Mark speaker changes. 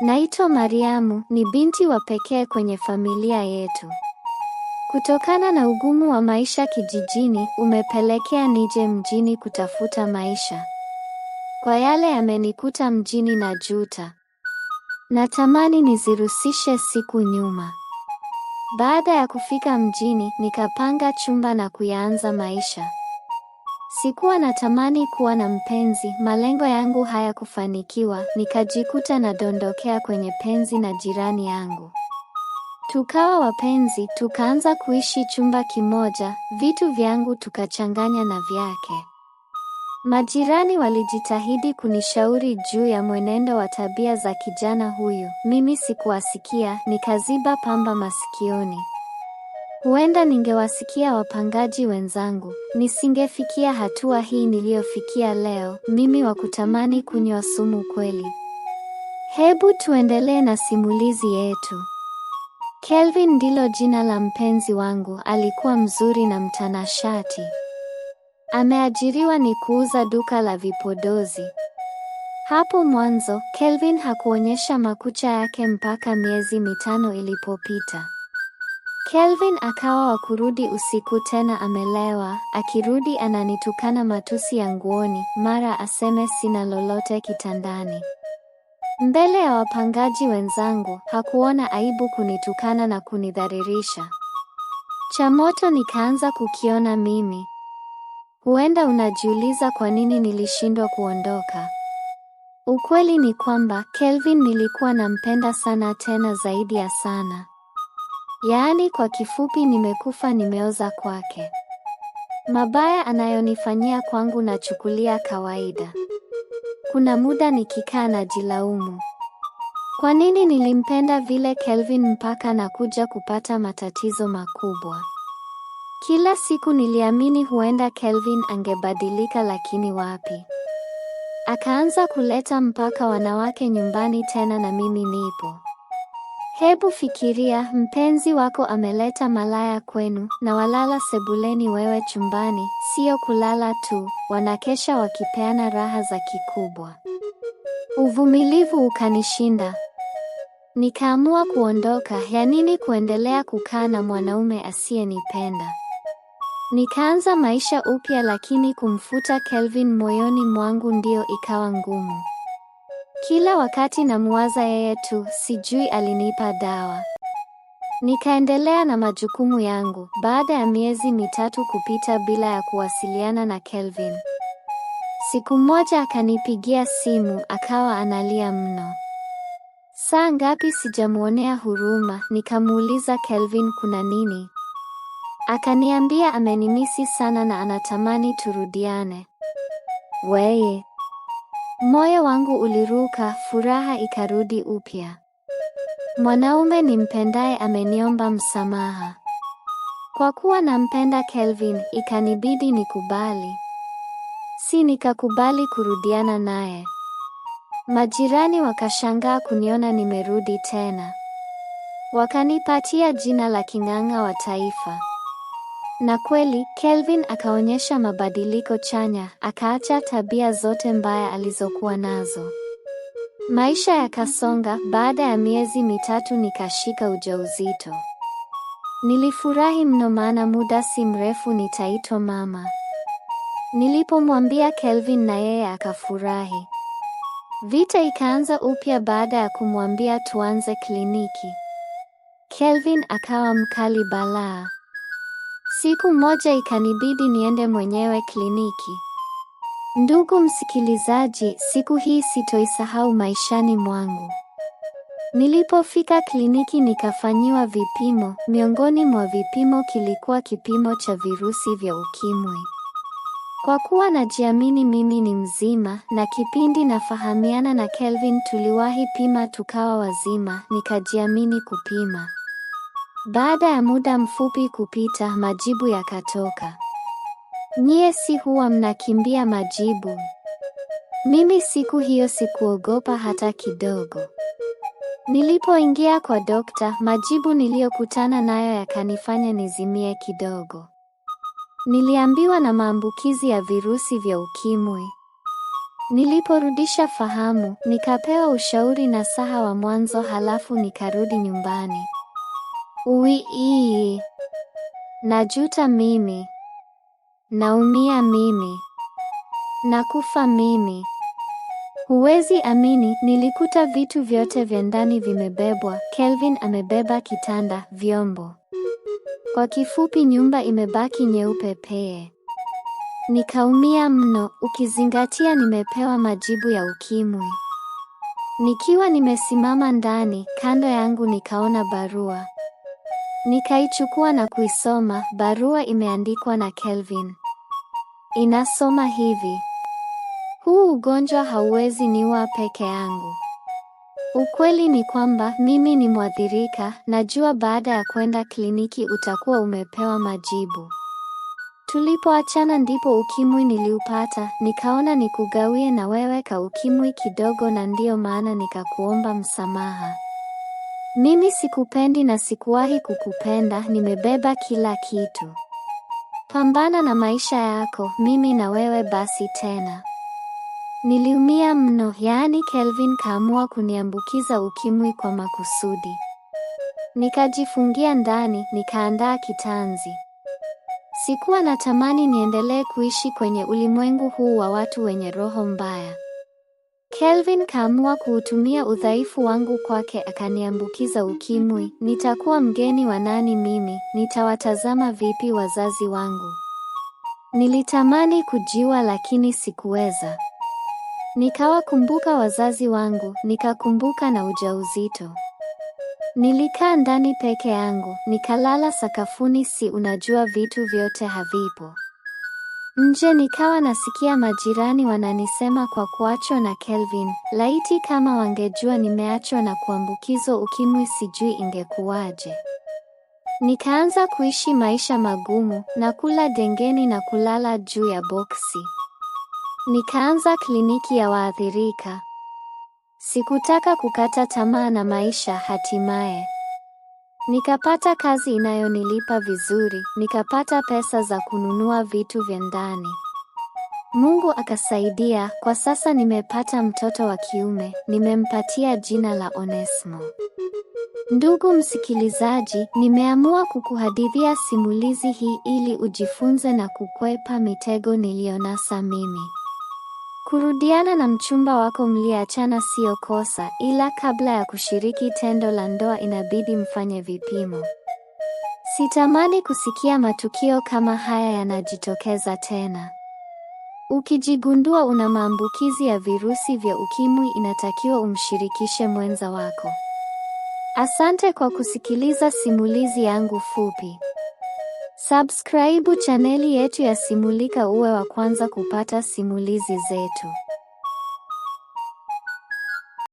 Speaker 1: Naitwa Mariamu, ni binti wa pekee kwenye familia yetu. Kutokana na ugumu wa maisha kijijini, umepelekea nije mjini kutafuta maisha. Kwa yale yamenikuta mjini na juta. Natamani nizirusishe siku nyuma. Baada ya kufika mjini, nikapanga chumba na kuyaanza maisha. Sikuwa natamani kuwa na mpenzi, malengo yangu hayakufanikiwa, nikajikuta nadondokea kwenye penzi na jirani yangu. Tukawa wapenzi, tukaanza kuishi chumba kimoja, vitu vyangu tukachanganya na vyake. Majirani walijitahidi kunishauri juu ya mwenendo wa tabia za kijana huyu. Mimi sikuwasikia, nikaziba pamba masikioni. Huenda ningewasikia wapangaji wenzangu, nisingefikia hatua hii niliyofikia leo, mimi wa kutamani kunywa sumu kweli. Hebu tuendelee na simulizi yetu. Kelvin ndilo jina la mpenzi wangu, alikuwa mzuri na mtanashati. Ameajiriwa ni kuuza duka la vipodozi. Hapo mwanzo, Kelvin hakuonyesha makucha yake mpaka miezi mitano ilipopita. Kelvin akawa wa kurudi usiku tena amelewa. Akirudi ananitukana matusi ya nguoni, mara aseme sina lolote kitandani. Mbele ya wapangaji wenzangu hakuona aibu kunitukana na kunidharirisha. Cha moto nikaanza kukiona mimi. Huenda unajiuliza kwa nini nilishindwa kuondoka. Ukweli ni kwamba Kelvin nilikuwa nampenda sana tena zaidi ya sana. Yaani kwa kifupi nimekufa nimeoza kwake. Mabaya anayonifanyia kwangu nachukulia kawaida. Kuna muda nikikaa najilaumu. Kwa nini nilimpenda vile Kelvin mpaka kuja kupata matatizo makubwa? Kila siku niliamini huenda Kelvin angebadilika lakini wapi? Akaanza kuleta mpaka wanawake nyumbani tena na mimi nipo. Hebu fikiria mpenzi wako ameleta malaya kwenu na walala sebuleni, wewe chumbani. Sio kulala tu, wanakesha wakipeana raha za kikubwa. Uvumilivu ukanishinda, nikaamua kuondoka. Ya nini kuendelea kukaa na mwanaume asiyenipenda? Nikaanza maisha upya, lakini kumfuta Kelvin moyoni mwangu ndio ikawa ngumu. Kila wakati namwaza yeye tu, sijui alinipa dawa. Nikaendelea na majukumu yangu. Baada ya miezi mitatu kupita bila ya kuwasiliana na Kelvin, siku moja akanipigia simu, akawa analia mno. Saa ngapi sijamwonea huruma. Nikamuuliza Kelvin, kuna nini? Akaniambia amenimisi sana na anatamani turudiane. Weye Moyo wangu uliruka, furaha ikarudi upya. Mwanaume nimpendaye ameniomba msamaha. Kwa kuwa nampenda Kelvin, ikanibidi nikubali. Si nikakubali kurudiana naye. Majirani wakashangaa kuniona nimerudi tena. Wakanipatia jina la king'ang'a wa taifa. Na kweli Kelvin akaonyesha mabadiliko chanya, akaacha tabia zote mbaya alizokuwa nazo. Maisha yakasonga. Baada ya miezi mitatu nikashika ujauzito. Nilifurahi mno, maana muda si mrefu nitaitwa mama. Nilipomwambia Kelvin, na yeye akafurahi. Vita ikaanza upya baada ya kumwambia tuanze kliniki. Kelvin akawa mkali balaa. Siku moja ikanibidi niende mwenyewe kliniki. Ndugu msikilizaji, siku hii sitoisahau maishani mwangu. Nilipofika kliniki nikafanyiwa vipimo. Miongoni mwa vipimo kilikuwa kipimo cha virusi vya ukimwi. Kwa kuwa najiamini mimi ni mzima na kipindi nafahamiana na Kelvin tuliwahi pima tukawa wazima, nikajiamini kupima. Baada ya muda mfupi kupita, majibu yakatoka. Nyie si huwa mnakimbia majibu? Mimi siku hiyo sikuogopa hata kidogo. Nilipoingia kwa dokta, majibu niliyokutana nayo yakanifanya nizimie kidogo. Niliambiwa na maambukizi ya virusi vya ukimwi. Niliporudisha fahamu, nikapewa ushauri na saha wa mwanzo halafu nikarudi nyumbani. Ui ii. Najuta mimi. Naumia mimi. Nakufa mimi. Huwezi amini, nilikuta vitu vyote vya ndani vimebebwa. Kelvin amebeba kitanda, vyombo. Kwa kifupi nyumba imebaki nyeupe pee. Nikaumia mno, ukizingatia nimepewa majibu ya ukimwi. Nikiwa nimesimama ndani, kando yangu nikaona barua. Nikaichukua na kuisoma. Barua imeandikwa na Kelvin. Inasoma hivi: huu ugonjwa hauwezi niwa peke yangu. Ukweli ni kwamba mimi ni mwathirika. Najua baada ya kwenda kliniki utakuwa umepewa majibu. Tulipoachana ndipo ukimwi niliupata, nikaona nikugawie na wewe ka ukimwi kidogo, na ndiyo maana nikakuomba msamaha. Mimi sikupendi na sikuwahi kukupenda, nimebeba kila kitu. Pambana na maisha yako, mimi na wewe basi tena. Niliumia mno, yaani Kelvin kaamua kuniambukiza ukimwi kwa makusudi. Nikajifungia ndani, nikaandaa kitanzi. Sikuwa natamani niendelee kuishi kwenye ulimwengu huu wa watu wenye roho mbaya. Kelvin kaamua kuutumia udhaifu wangu kwake, akaniambukiza ukimwi. Nitakuwa mgeni wa nani mimi? Nitawatazama vipi wazazi wangu? Nilitamani kujiwa, lakini sikuweza. Nikawakumbuka wazazi wangu, nikakumbuka na ujauzito. Nilikaa ndani peke yangu, nikalala sakafuni. Si unajua vitu vyote havipo. Nje nikawa nasikia majirani wananisema kwa kuachwa na Kelvin. Laiti kama wangejua nimeachwa na kuambukizwa ukimwi sijui ingekuwaje. Nikaanza kuishi maisha magumu, na kula dengeni na kulala juu ya boksi. Nikaanza kliniki ya waathirika. Sikutaka kukata tamaa na maisha hatimaye Nikapata kazi inayonilipa vizuri, nikapata pesa za kununua vitu vya ndani. Mungu akasaidia, kwa sasa nimepata mtoto wa kiume, nimempatia jina la Onesmo. Ndugu msikilizaji, nimeamua kukuhadithia simulizi hii ili ujifunze na kukwepa mitego niliyonasa mimi. Kurudiana na mchumba wako mliyeachana siyo kosa, ila kabla ya kushiriki tendo la ndoa inabidi mfanye vipimo. Sitamani kusikia matukio kama haya yanajitokeza tena. Ukijigundua una maambukizi ya virusi vya ukimwi inatakiwa umshirikishe mwenza wako. Asante kwa kusikiliza simulizi yangu fupi. Subscribe chaneli yetu ya Simulika uwe wa kwanza kupata simulizi zetu.